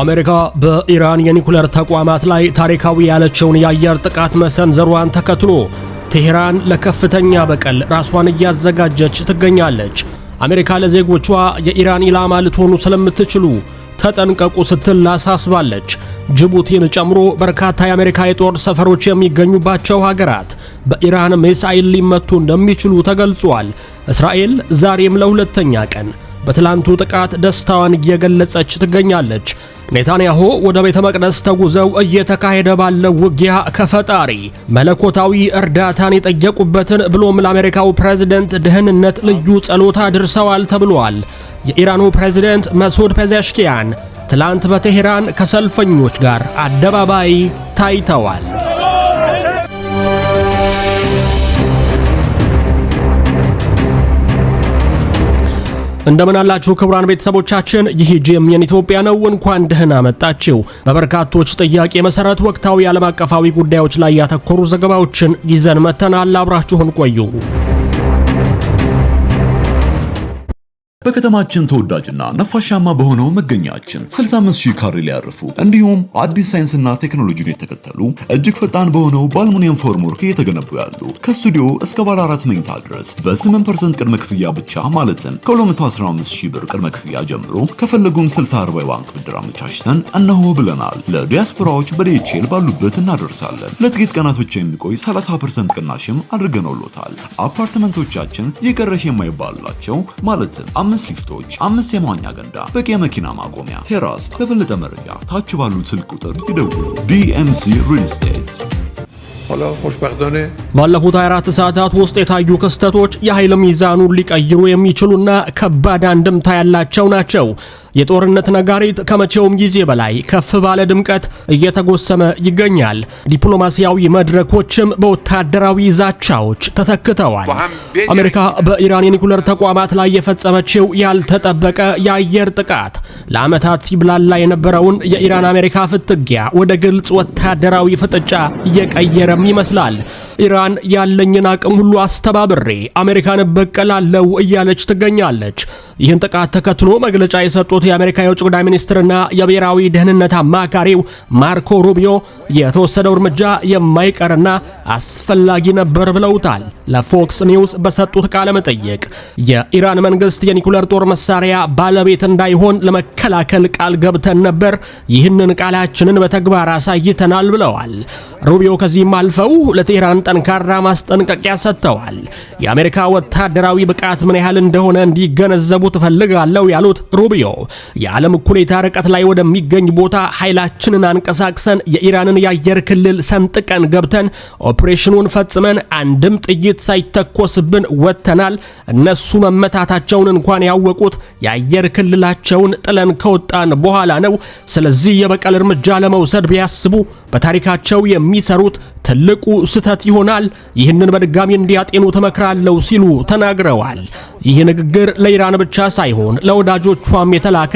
አሜሪካ በኢራን የኒኩለር ተቋማት ላይ ታሪካዊ ያለችውን የአየር ጥቃት መሰንዘሯን ተከትሎ ቴሄራን ለከፍተኛ በቀል ራሷን እያዘጋጀች ትገኛለች። አሜሪካ ለዜጎቿ የኢራን ኢላማ ልትሆኑ ስለምትችሉ ተጠንቀቁ ስትል ጅቡቲን ጨምሮ በርካታ የአሜሪካ የጦር ሰፈሮች የሚገኙባቸው ሀገራት በኢራን ሚሳኤል ሊመቱ እንደሚችሉ ተገልጿል። እስራኤል ዛሬም ለሁለተኛ ቀን በትላንቱ ጥቃት ደስታዋን እየገለጸች ትገኛለች። ኔታንያሁ ወደ ቤተ መቅደስ ተጉዘው እየተካሄደ ባለው ውጊያ ከፈጣሪ መለኮታዊ እርዳታን የጠየቁበትን ብሎም ለአሜሪካው ፕሬዝደንት ደህንነት ልዩ ጸሎታ አድርሰዋል ተብሏል። የኢራኑ ፕሬዝደንት መሱድ ፔዘሽኪያን ትላንት በቴሄራን ከሰልፈኞች ጋር አደባባይ ታይተዋል። እንደምን አላችሁ ክቡራን ቤተሰቦቻችን፣ ይህ ጄኤምኤን ኢትዮጵያ ነው። እንኳን ደህና መጣችሁ። በበርካቶች ጥያቄ መሰረት ወቅታዊ ዓለም አቀፋዊ ጉዳዮች ላይ ያተኮሩ ዘገባዎችን ይዘን መተናል። አብራችሁን ቆዩ። በከተማችን ተወዳጅና ነፋሻማ በሆነው መገኛችን 65000 ሺህ ካሬ ሊያርፉ እንዲሁም አዲስ ሳይንስና ቴክኖሎጂን የተከተሉ እጅግ ፈጣን በሆነው በአልሙኒየም ፎርምወርክ እየተገነቡ ያሉ ከስቱዲዮ እስከ ባለ አራት መኝታ ድረስ በ8% ቅድመ ክፍያ ብቻ ማለትም ከ 215000 ብር ቅድመ ክፍያ ጀምሮ ከፈለጉም 64 ባንክ ብድር አመቻችተን እነሆ ብለናል። ለዲያስፖራዎች በዲኤችኤል ባሉበት እናደርሳለን። ለጥቂት ቀናት ብቻ የሚቆይ 30% ቅናሽም አድርገንልዎታል። አፓርትመንቶቻችን የቀረሽ የማይባልላቸው ማለትም አምስት ሊፍቶች፣ አምስት የመዋኛ ገንዳ፣ በቂ የመኪና ማቆሚያ፣ ቴራስ። ለበለጠ መረጃ ታች ባሉት ስልክ ቁጥር ይደውሉ። ዲኤምሲ ሪል ስቴት። ባለፉት 24 ሰዓታት ውስጥ የታዩ ክስተቶች የኃይል ሚዛኑን ሊቀይሩ የሚችሉና ከባድ አንድምታ ያላቸው ናቸው። የጦርነት ነጋሪት ከመቼውም ጊዜ በላይ ከፍ ባለ ድምቀት እየተጎሰመ ይገኛል። ዲፕሎማሲያዊ መድረኮችም በወታደራዊ ዛቻዎች ተተክተዋል። አሜሪካ በኢራን የኒኩለር ተቋማት ላይ የፈጸመችው ያልተጠበቀ የአየር ጥቃት ለዓመታት ሲብላላ የነበረውን የኢራን አሜሪካ ፍትጊያ ወደ ግልጽ ወታደራዊ ፍጥጫ እየቀየረም ይመስላል። ኢራን ያለኝን አቅም ሁሉ አስተባብሬ አሜሪካን በቀላለው እያለች ትገኛለች። ይህን ጥቃት ተከትሎ መግለጫ የሰጡት የአሜሪካ የውጭ ጉዳይ ሚኒስትርና የብሔራዊ ደህንነት አማካሪው ማርኮ ሩቢዮ የተወሰደው እርምጃ የማይቀርና አስፈላጊ ነበር ብለውታል። ለፎክስ ኒውስ በሰጡት ቃለ መጠይቅ የኢራን መንግስት የኒኩለር ጦር መሳሪያ ባለቤት እንዳይሆን ለመከላከል ቃል ገብተን ነበር፣ ይህንን ቃላችንን በተግባር አሳይተናል ብለዋል። ሩቢዮ ከዚህም አልፈው ለቴህራን ጠንካራ ማስጠንቀቂያ ሰጥተዋል። የአሜሪካ ወታደራዊ ብቃት ምን ያህል እንደሆነ እንዲገነዘቡ ማቅረቡት እፈልጋለሁ ያሉት ሩቢዮ የዓለም እኩሌታ ርቀት ላይ ወደሚገኝ ቦታ ኃይላችንን አንቀሳቅሰን የኢራንን የአየር ክልል ሰንጥቀን ገብተን ኦፕሬሽኑን ፈጽመን አንድም ጥይት ሳይተኮስብን ወጥተናል። እነሱ መመታታቸውን እንኳን ያወቁት የአየር ክልላቸውን ጥለን ከወጣን በኋላ ነው። ስለዚህ የበቀል እርምጃ ለመውሰድ ቢያስቡ በታሪካቸው የሚሰሩት ትልቁ ስህተት ይሆናል። ይህንን በድጋሚ እንዲያጤኑ ተመክራለሁ ሲሉ ተናግረዋል። ይህ ንግግር ለኢራን ብቻ ሳይሆን ለወዳጆቿም የተላከ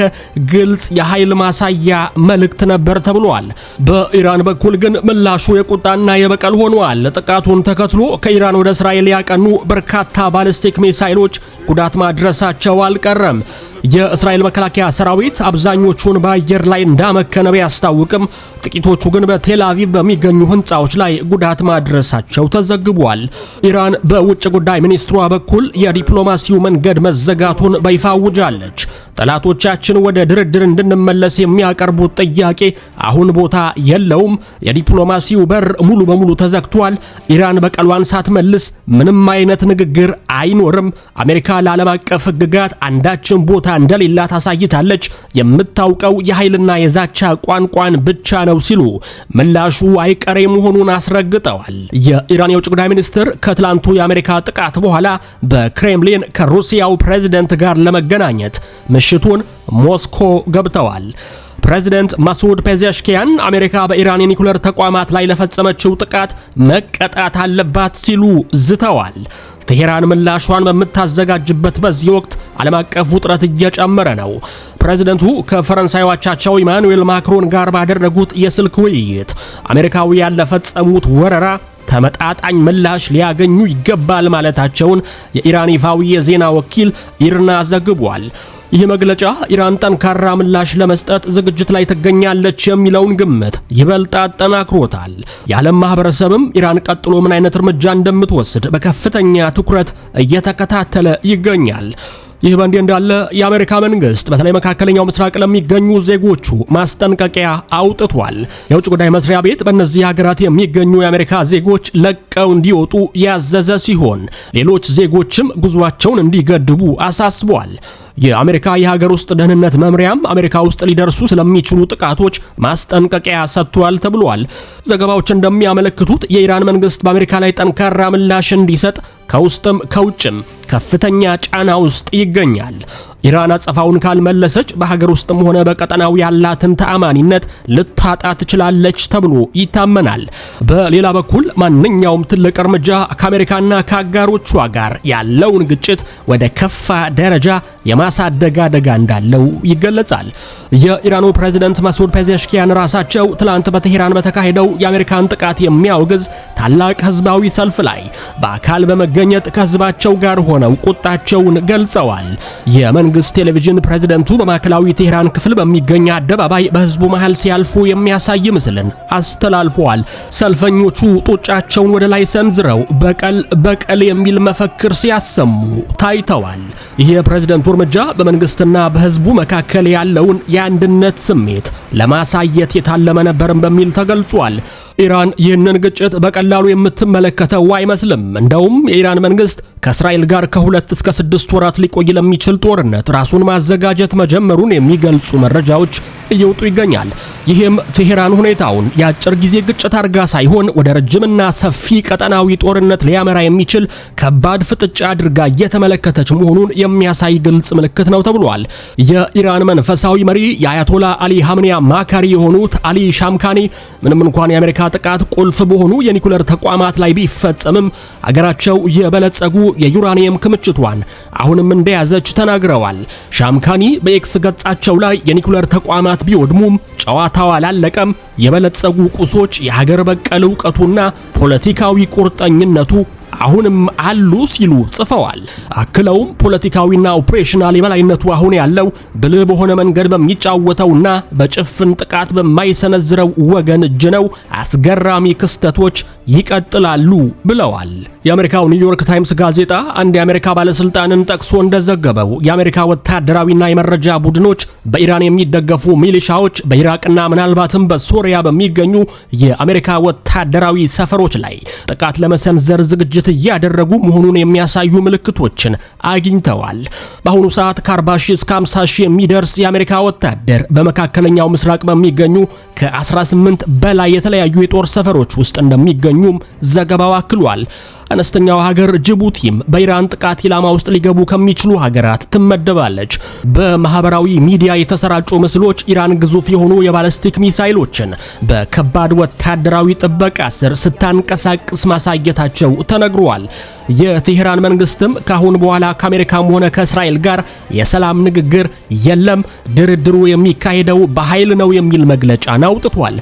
ግልጽ የኃይል ማሳያ መልእክት ነበር ተብሏል። በኢራን በኩል ግን ምላሹ የቁጣና የበቀል ሆኗል። ጥቃቱን ተከትሎ ከኢራን ወደ እስራኤል ያቀኑ በርካታ ባለስቲክ ሚሳይሎች ጉዳት ማድረሳቸው አልቀረም። የእስራኤል መከላከያ ሰራዊት አብዛኞቹን በአየር ላይ እንዳመከነ ቢያስታውቅም ጥቂቶቹ ግን በቴላቪቭ በሚገኙ ህንፃዎች ላይ ጉዳት ማድረሳቸው ተዘግቧል። ኢራን በውጭ ጉዳይ ሚኒስትሯ በኩል የዲፕሎማሲው መንገድ መዘጋቱን በይፋ አውጃለች። ጠላቶቻችን ወደ ድርድር እንድንመለስ የሚያቀርቡት ጥያቄ አሁን ቦታ የለውም። የዲፕሎማሲው በር ሙሉ በሙሉ ተዘግቷል። ኢራን በቀሏን ሳትመልስ ምንም አይነት ንግግር አይኖርም። አሜሪካ ለዓለም አቀፍ ህግጋት አንዳችን ቦታ ቦታ እንደሌላት አሳይታለች። የምታውቀው የኃይልና የዛቻ ቋንቋን ብቻ ነው ሲሉ ምላሹ አይቀሬ መሆኑን አስረግጠዋል። የኢራን የውጭ ጉዳይ ሚኒስትር ከትላንቱ የአሜሪካ ጥቃት በኋላ በክሬምሊን ከሩሲያው ፕሬዝደንት ጋር ለመገናኘት ምሽቱን ሞስኮ ገብተዋል። ፕሬዚደንት ማሱድ ፔዜሽኪያን አሜሪካ በኢራን የኒኩለር ተቋማት ላይ ለፈጸመችው ጥቃት መቀጣት አለባት ሲሉ ዝተዋል። ቴሄራን ምላሿን በምታዘጋጅበት በዚህ ወቅት ዓለም አቀፍ ውጥረት እየጨመረ ነው። ፕሬዝደንቱ ከፈረንሳይ አቻቸው ኢማኑኤል ማክሮን ጋር ባደረጉት የስልክ ውይይት አሜሪካውያን ለፈጸሙት ወረራ ተመጣጣኝ ምላሽ ሊያገኙ ይገባል ማለታቸውን የኢራን ይፋዊ የዜና ወኪል ኢርና ዘግቧል። ይህ መግለጫ ኢራን ጠንካራ ምላሽ ለመስጠት ዝግጅት ላይ ትገኛለች የሚለውን ግምት ይበልጥ አጠናክሮታል። የዓለም ማህበረሰብም ኢራን ቀጥሎ ምን አይነት እርምጃ እንደምትወስድ በከፍተኛ ትኩረት እየተከታተለ ይገኛል። ይህ በእንዲህ እንዳለ የአሜሪካ መንግስት በተለይ መካከለኛው ምስራቅ ለሚገኙ ዜጎቹ ማስጠንቀቂያ አውጥቷል። የውጭ ጉዳይ መስሪያ ቤት በእነዚህ ሀገራት የሚገኙ የአሜሪካ ዜጎች ለቀው እንዲወጡ ያዘዘ ሲሆን ሌሎች ዜጎችም ጉዟቸውን እንዲገድቡ አሳስቧል። የአሜሪካ የሀገር ውስጥ ደህንነት መምሪያም አሜሪካ ውስጥ ሊደርሱ ስለሚችሉ ጥቃቶች ማስጠንቀቂያ ሰጥቷል ተብሏል። ዘገባዎች እንደሚያመለክቱት የኢራን መንግስት በአሜሪካ ላይ ጠንካራ ምላሽ እንዲሰጥ ከውስጥም ከውጭም ከፍተኛ ጫና ውስጥ ይገኛል። ኢራን አጸፋውን ካልመለሰች በሀገር ውስጥም ሆነ በቀጠናው ያላትን ተአማኒነት ልታጣ ትችላለች ተብሎ ይታመናል። በሌላ በኩል ማንኛውም ትልቅ እርምጃ ከአሜሪካና ከአጋሮቿ ጋር ያለውን ግጭት ወደ ከፋ ደረጃ የማሳደግ አደጋ እንዳለው ይገለጻል። የኢራኑ ፕሬዝደንት መስዑድ ፔዜሽኪያን ራሳቸው ትላንት በቴሄራን በተካሄደው የአሜሪካን ጥቃት የሚያወግዝ ታላቅ ህዝባዊ ሰልፍ ላይ በአካል በመገኘት ከህዝባቸው ጋር ሆነው ሆነው ቁጣቸውን ገልጸዋል። የመንግስት ቴሌቪዥን ፕሬዝደንቱ በማዕከላዊ ቴህራን ክፍል በሚገኝ አደባባይ በህዝቡ መሃል ሲያልፉ የሚያሳይ ምስልን አስተላልፈዋል። ሰልፈኞቹ ጡጫቸውን ወደ ላይ ሰንዝረው በቀል በቀል የሚል መፈክር ሲያሰሙ ታይተዋል። ይህ የፕሬዝደንቱ እርምጃ በመንግስትና በህዝቡ መካከል ያለውን የአንድነት ስሜት ለማሳየት የታለመ ነበርም በሚል ተገልጿል። ኢራን ይህንን ግጭት በቀላሉ የምትመለከተው አይመስልም። እንደውም የኢራን መንግስት ከእስራኤል ጋር ከሁለት እስከ ስድስት ወራት ሊቆይ ለሚችል ጦርነት ራሱን ማዘጋጀት መጀመሩን የሚገልጹ መረጃዎች እየወጡ ይገኛል። ይህም ቴሄራን ሁኔታውን የአጭር ጊዜ ግጭት አድርጋ ሳይሆን ወደ ረጅምና ሰፊ ቀጠናዊ ጦርነት ሊያመራ የሚችል ከባድ ፍጥጫ አድርጋ እየተመለከተች መሆኑን የሚያሳይ ግልጽ ምልክት ነው ተብሏል። የኢራን መንፈሳዊ መሪ የአያቶላ አሊ ሀምኒያ ማካሪ የሆኑት አሊ ሻምካኒ ምንም እንኳን የአሜሪካ ጥቃት ቁልፍ በሆኑ የኒኩለር ተቋማት ላይ ቢፈጸምም አገራቸው የበለጸጉ የዩራኒየም ክምችቷን አሁንም እንደያዘች ተናግረዋል። ሻምካኒ በኤክስ ገጻቸው ላይ የኒኩለር ተቋማት ቢወድሙም ጨዋታው አላለቀም፣ የበለጸጉ ቁሶች የሀገር በቀል እውቀቱና ፖለቲካዊ ቁርጠኝነቱ አሁንም አሉ ሲሉ ጽፈዋል። አክለውም ፖለቲካዊና ኦፕሬሽናል የበላይነቱ አሁን ያለው ብልህ በሆነ መንገድ በሚጫወተውና በጭፍን ጥቃት በማይሰነዝረው ወገን እጅ ነው። አስገራሚ ክስተቶች ይቀጥላሉ ብለዋል። የአሜሪካው ኒውዮርክ ታይምስ ጋዜጣ አንድ የአሜሪካ ባለስልጣንን ጠቅሶ እንደዘገበው የአሜሪካ ወታደራዊና የመረጃ ቡድኖች በኢራን የሚደገፉ ሚሊሻዎች በኢራቅና ምናልባትም በሶሪያ በሚገኙ የአሜሪካ ወታደራዊ ሰፈሮች ላይ ጥቃት ለመሰንዘር ዝግጅት እያደረጉ መሆኑን የሚያሳዩ ምልክቶችን አግኝተዋል። በአሁኑ ሰዓት ከ40 ሺህ እስከ 50 ሺህ የሚደርስ የአሜሪካ ወታደር በመካከለኛው ምስራቅ በሚገኙ ከ18 በላይ የተለያዩ የጦር ሰፈሮች ውስጥ እንደሚገኙ እንደሚገኙም ዘገባው አክሏል። አነስተኛው ሀገር ጅቡቲም በኢራን ጥቃት ኢላማ ውስጥ ሊገቡ ከሚችሉ ሀገራት ትመደባለች። በማህበራዊ ሚዲያ የተሰራጩ ምስሎች ኢራን ግዙፍ የሆኑ የባለስቲክ ሚሳይሎችን በከባድ ወታደራዊ ጥበቃ ስር ስታንቀሳቅስ ማሳየታቸው ተነግሯል። የቴህራን መንግስትም ካሁን በኋላ ከአሜሪካም ሆነ ከእስራኤል ጋር የሰላም ንግግር የለም፣ ድርድሩ የሚካሄደው በኃይል ነው የሚል መግለጫን አውጥቷል።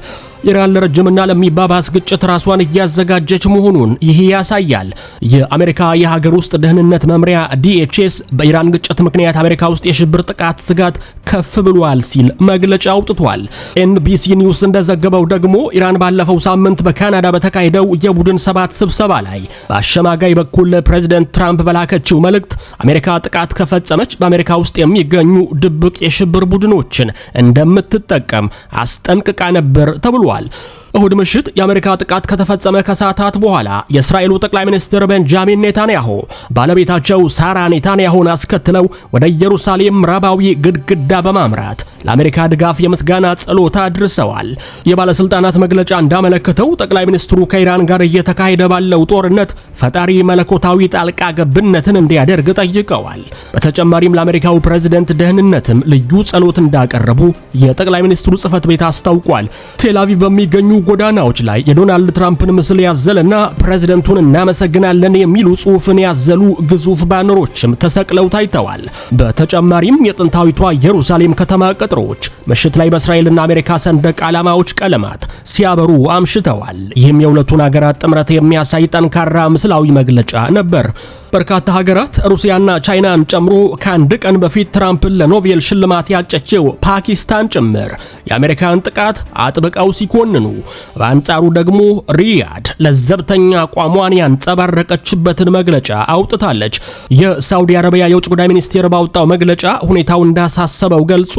ኢራን ለረጅምና ለሚባባስ ግጭት ራሷን እያዘጋጀች መሆኑን ይህ ያሳያል። የአሜሪካ የሀገር ውስጥ ደህንነት መምሪያ ዲኤችኤስ በኢራን ግጭት ምክንያት አሜሪካ ውስጥ የሽብር ጥቃት ስጋት ከፍ ብሏል ሲል መግለጫ አውጥቷል። ኤንቢሲ ኒውስ እንደዘገበው ደግሞ ኢራን ባለፈው ሳምንት በካናዳ በተካሄደው የቡድን ሰባት ስብሰባ ላይ በአሸማጋይ በኩል ፕሬዚደንት ትራምፕ በላከችው መልእክት አሜሪካ ጥቃት ከፈጸመች በአሜሪካ ውስጥ የሚገኙ ድብቅ የሽብር ቡድኖችን እንደምትጠቀም አስጠንቅቃ ነበር ተብሏል። actual እሁድ ምሽት የአሜሪካ ጥቃት ከተፈጸመ ከሰዓታት በኋላ የእስራኤሉ ጠቅላይ ሚኒስትር ቤንጃሚን ኔታንያሁ ባለቤታቸው ሳራ ኔታንያሁን አስከትለው ወደ ኢየሩሳሌም ምዕራባዊ ግድግዳ በማምራት ለአሜሪካ ድጋፍ የምስጋና ጸሎት አድርሰዋል። የባለስልጣናት መግለጫ እንዳመለከተው ጠቅላይ ሚኒስትሩ ከኢራን ጋር እየተካሄደ ባለው ጦርነት ፈጣሪ መለኮታዊ ጣልቃ ገብነትን እንዲያደርግ ጠይቀዋል። በተጨማሪም ለአሜሪካው ፕሬዝደንት ደህንነትም ልዩ ጸሎት እንዳቀረቡ የጠቅላይ ሚኒስትሩ ጽህፈት ቤት አስታውቋል። ቴላቪቭ በሚገኙ ጎዳናዎች ላይ የዶናልድ ትራምፕን ምስል ያዘለና ፕሬዝደንቱን እናመሰግናለን የሚሉ ጽሑፍን ያዘሉ ግዙፍ ባነሮችም ተሰቅለው ታይተዋል። በተጨማሪም የጥንታዊቷ ኢየሩሳሌም ከተማ ቅጥሮች ምሽት ላይ በእስራኤልና አሜሪካ ሰንደቅ ዓላማዎች ቀለማት ሲያበሩ አምሽተዋል። ይህም የሁለቱን አገራት ጥምረት የሚያሳይ ጠንካራ ምስላዊ መግለጫ ነበር። በርካታ ሀገራት ሩሲያና ቻይናን ጨምሮ ከአንድ ቀን በፊት ትራምፕን ለኖቤል ሽልማት ያጨችው ፓኪስታን ጭምር የአሜሪካን ጥቃት አጥብቀው ሲኮንኑ፣ በአንጻሩ ደግሞ ሪያድ ለዘብተኛ አቋሟን ያንጸባረቀችበትን መግለጫ አውጥታለች። የሳውዲ አረቢያ የውጭ ጉዳይ ሚኒስቴር ባወጣው መግለጫ ሁኔታው እንዳሳሰበው ገልጾ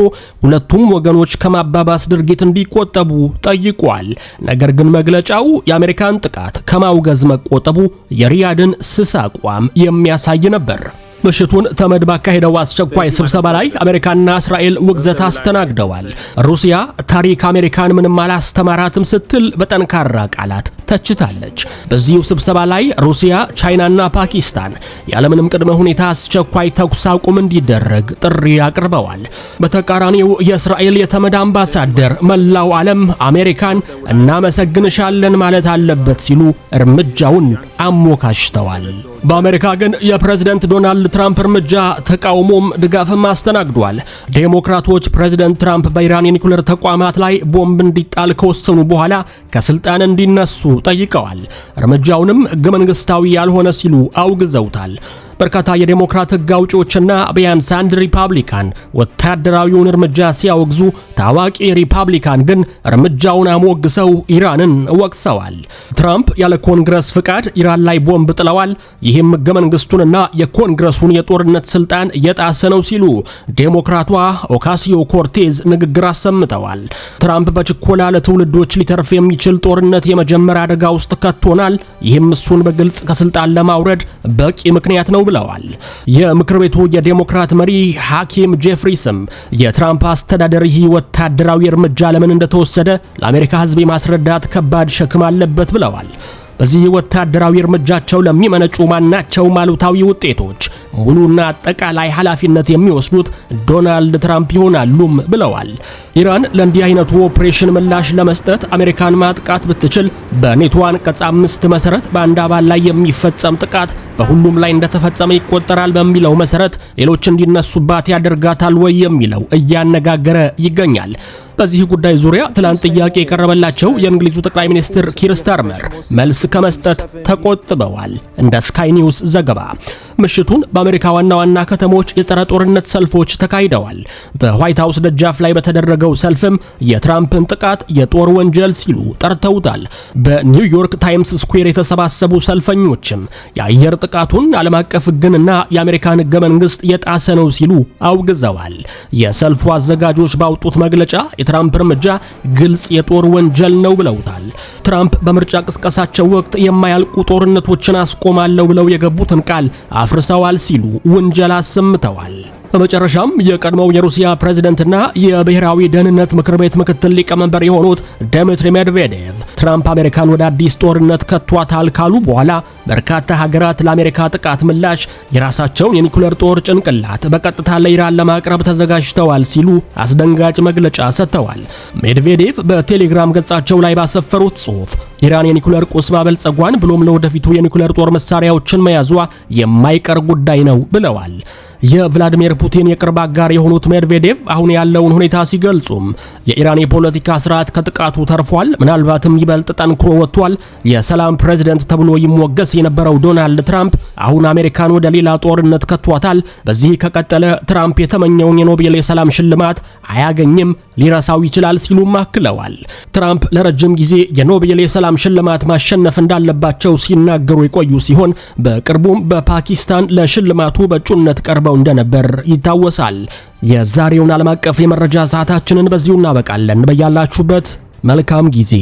ሁለቱም ወገኖች ከማባባስ ድርጊት እንዲቆጠቡ ጠይቋል። ነገር ግን መግለጫው የአሜሪካን ጥቃት ከማውገዝ መቆጠቡ የሪያድን ስስ አቋም የሚያሳይ ነበር። ምሽቱን ተመድ ባካሄደው አስቸኳይ ስብሰባ ላይ አሜሪካና እስራኤል ውግዘት አስተናግደዋል። ሩሲያ ታሪክ አሜሪካን ምንም አላስተማራትም ስትል በጠንካራ ቃላት ተችታለች። በዚሁ ስብሰባ ላይ ሩሲያ፣ ቻይናና ፓኪስታን ያለምንም ቅድመ ሁኔታ አስቸኳይ ተኩስ አቁም እንዲደረግ ጥሪ አቅርበዋል። በተቃራኒው የእስራኤል የተመድ አምባሳደር መላው ዓለም አሜሪካን እናመሰግንሻለን ማለት አለበት ሲሉ እርምጃውን አሞካሽተዋል። በአሜሪካ ግን የፕሬዝደንት ዶናልድ ትራምፕ እርምጃ ተቃውሞም ድጋፍም አስተናግዷል። ዴሞክራቶች ፕሬዝደንት ትራምፕ በኢራን የኒኩሌር ተቋማት ላይ ቦምብ እንዲጣል ከወሰኑ በኋላ ከስልጣን እንዲነሱ ጠይቀዋል። እርምጃውንም ህገ መንግስታዊ ያልሆነ ሲሉ አውግዘውታል። በርካታ የዴሞክራት ሕግ አውጪዎችና ቢያንስ አንድ ሪፐብሊካን ወታደራዊውን እርምጃ ሲያወግዙ፣ ታዋቂ ሪፐብሊካን ግን እርምጃውን አሞግሰው ኢራንን ወቅሰዋል። ትራምፕ ያለ ኮንግረስ ፍቃድ ኢራን ላይ ቦምብ ጥለዋል፣ ይህም ህገ መንግስቱንና የኮንግረሱን የጦርነት ስልጣን እየጣሰ ነው ሲሉ ዴሞክራቷ ኦካሲዮ ኮርቴዝ ንግግር አሰምተዋል። ትራምፕ በችኮላ ለትውልዶች ሊተርፍ የሚችል ጦርነት የመጀመር አደጋ ውስጥ ከቶናል፣ ይህም እሱን በግልጽ ከስልጣን ለማውረድ በቂ ምክንያት ነው ብለዋል። የምክር ቤቱ የዴሞክራት መሪ ሐኪም ጄፍሪስም የትራምፕ አስተዳደር ይህ ወታደራዊ እርምጃ ለምን እንደተወሰደ ለአሜሪካ ሕዝብ የማስረዳት ከባድ ሸክም አለበት ብለዋል። በዚህ ወታደራዊ እርምጃቸው ለሚመነጩ ማናቸውም አሉታዊ ውጤቶች ሙሉና አጠቃላይ ኃላፊነት የሚወስዱት ዶናልድ ትራምፕ ይሆናሉም ብለዋል። ኢራን ለእንዲህ አይነቱ ኦፕሬሽን ምላሽ ለመስጠት አሜሪካን ማጥቃት ብትችል በኔቶ አንቀጽ አምስት መሰረት በአንድ አባል ላይ የሚፈጸም ጥቃት በሁሉም ላይ እንደተፈጸመ ይቆጠራል በሚለው መሰረት ሌሎች እንዲነሱባት ያደርጋታል ወይ የሚለው እያነጋገረ ይገኛል። በዚህ ጉዳይ ዙሪያ ትላንት ጥያቄ የቀረበላቸው የእንግሊዙ ጠቅላይ ሚኒስትር ኪር ስታርመር መልስ ከመስጠት ተቆጥበዋል። እንደ ስካይ ኒውስ ዘገባ ምሽቱን በአሜሪካ ዋና ዋና ከተሞች የጸረ ጦርነት ሰልፎች ተካሂደዋል። በዋይት ሀውስ ደጃፍ ላይ በተደረገው ሰልፍም የትራምፕን ጥቃት የጦር ወንጀል ሲሉ ጠርተውታል። በኒውዮርክ ታይምስ ስኩዌር የተሰባሰቡ ሰልፈኞችም የአየር ጥቃቱን ዓለም አቀፍ ሕግንና የአሜሪካን ሕገ መንግስት የጣሰ ነው ሲሉ አውግዘዋል። የሰልፉ አዘጋጆች ባወጡት መግለጫ የትራምፕ እርምጃ ግልጽ የጦር ወንጀል ነው ብለውታል። ትራምፕ በምርጫ ቅስቀሳቸው ወቅት የማያልቁ ጦርነቶችን አስቆማለሁ ብለው የገቡትን ቃል አፍርሰዋል ሲሉ ውንጀላ አሰምተዋል። በመጨረሻም የቀድሞው የሩሲያ ፕሬዝደንትና የብሔራዊ ደህንነት ምክር ቤት ምክትል ሊቀመንበር የሆኑት ዲሚትሪ ሜድቬዴቭ ትራምፕ አሜሪካን ወደ አዲስ ጦርነት ከቷታል ካሉ በኋላ በርካታ ሀገራት ለአሜሪካ ጥቃት ምላሽ የራሳቸውን የኒኩሌር ጦር ጭንቅላት በቀጥታ ለኢራን ለማቅረብ ተዘጋጅተዋል ሲሉ አስደንጋጭ መግለጫ ሰጥተዋል። ሜድቬዴቭ በቴሌግራም ገጻቸው ላይ ባሰፈሩት ጽሑፍ ኢራን የኒኩሌር ቁስ ማበልጸጓን ብሎም ለወደፊቱ የኒኩሌር ጦር መሳሪያዎችን መያዟ የማይቀር ጉዳይ ነው ብለዋል። የቭላዲሚር ፑቲን የቅርብ አጋር የሆኑት ሜድቬዴቭ አሁን ያለውን ሁኔታ ሲገልጹም የኢራን የፖለቲካ ስርዓት ከጥቃቱ ተርፏል፣ ምናልባትም ይበልጥ ጠንክሮ ወጥቷል። የሰላም ፕሬዝደንት ተብሎ ይሞገስ የነበረው ዶናልድ ትራምፕ አሁን አሜሪካን ወደ ሌላ ጦርነት ከቷታል። በዚህ ከቀጠለ ትራምፕ የተመኘውን የኖቤል የሰላም ሽልማት አያገኝም፣ ሊረሳው ይችላል ሲሉም አክለዋል። ትራምፕ ለረጅም ጊዜ የኖቤል የሰላም ሽልማት ማሸነፍ እንዳለባቸው ሲናገሩ የቆዩ ሲሆን በቅርቡም በፓኪስታን ለሽልማቱ በእጩነት ቀርበው ቀርበው እንደነበር ይታወሳል። የዛሬውን ዓለም አቀፍ የመረጃ ሰዓታችንን በዚሁ እናበቃለን። በያላችሁበት መልካም ጊዜ